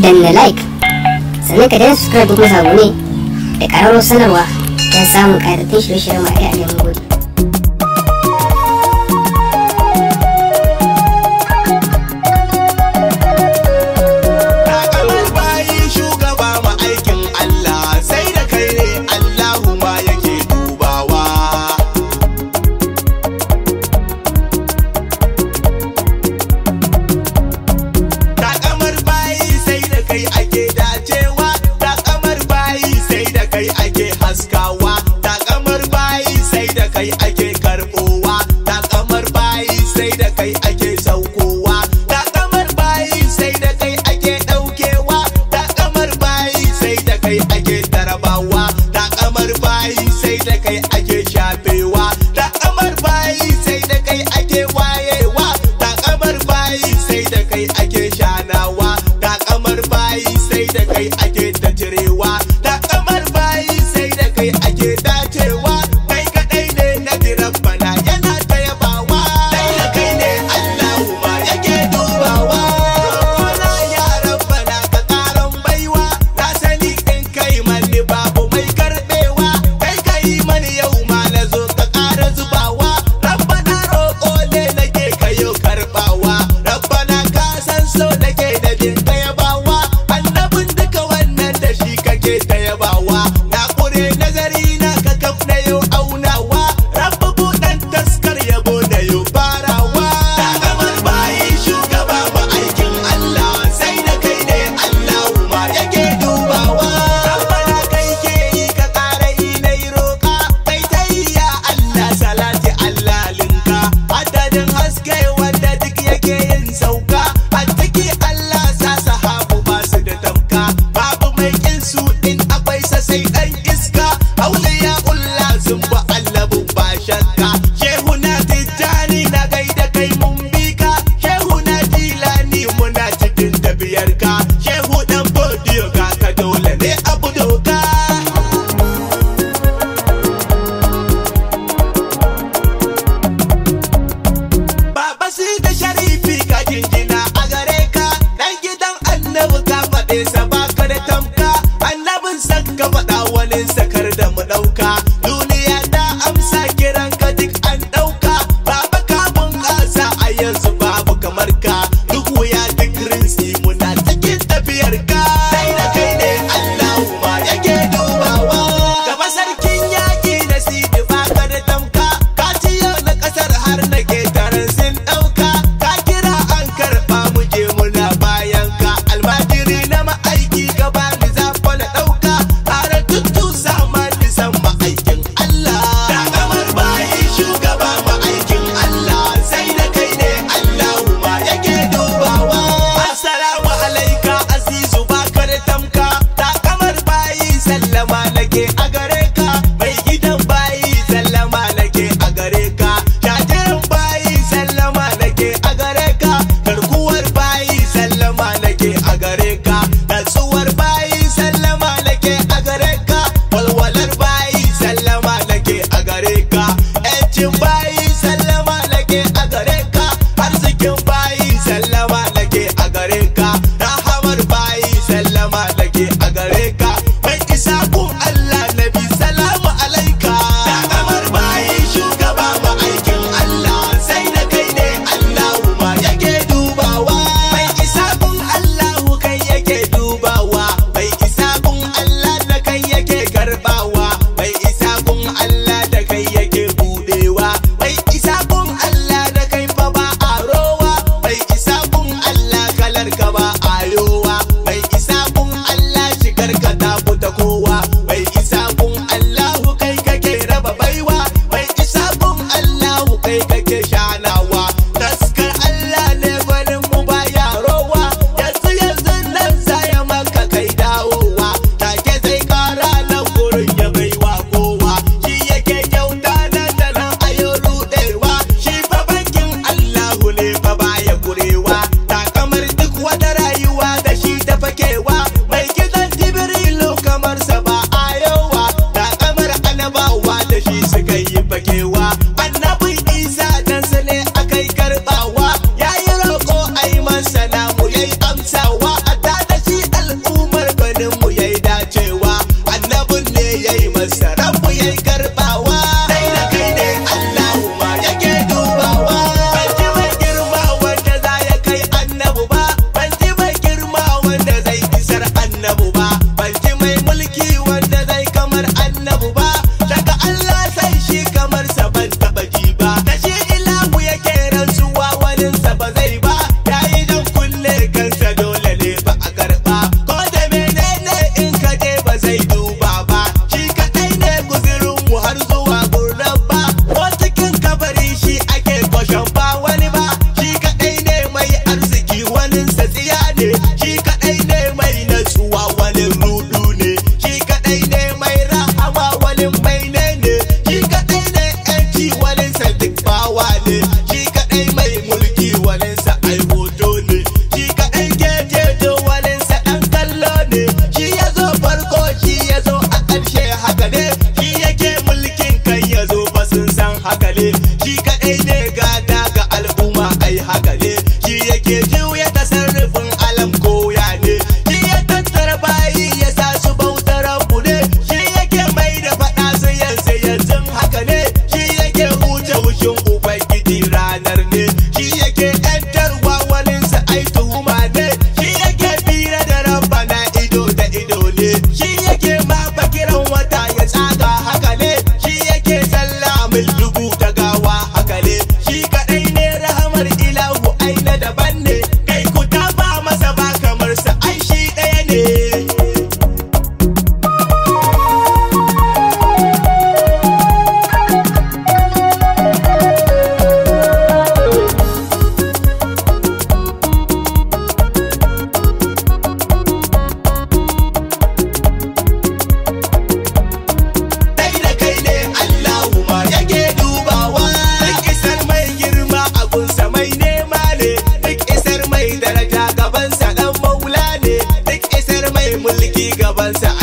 danna like sannan ka dan subscribe da kuma sabone da karamar sanarwa don samun karatun shirye-shiryen mu a neman gobe kuɗi gabansa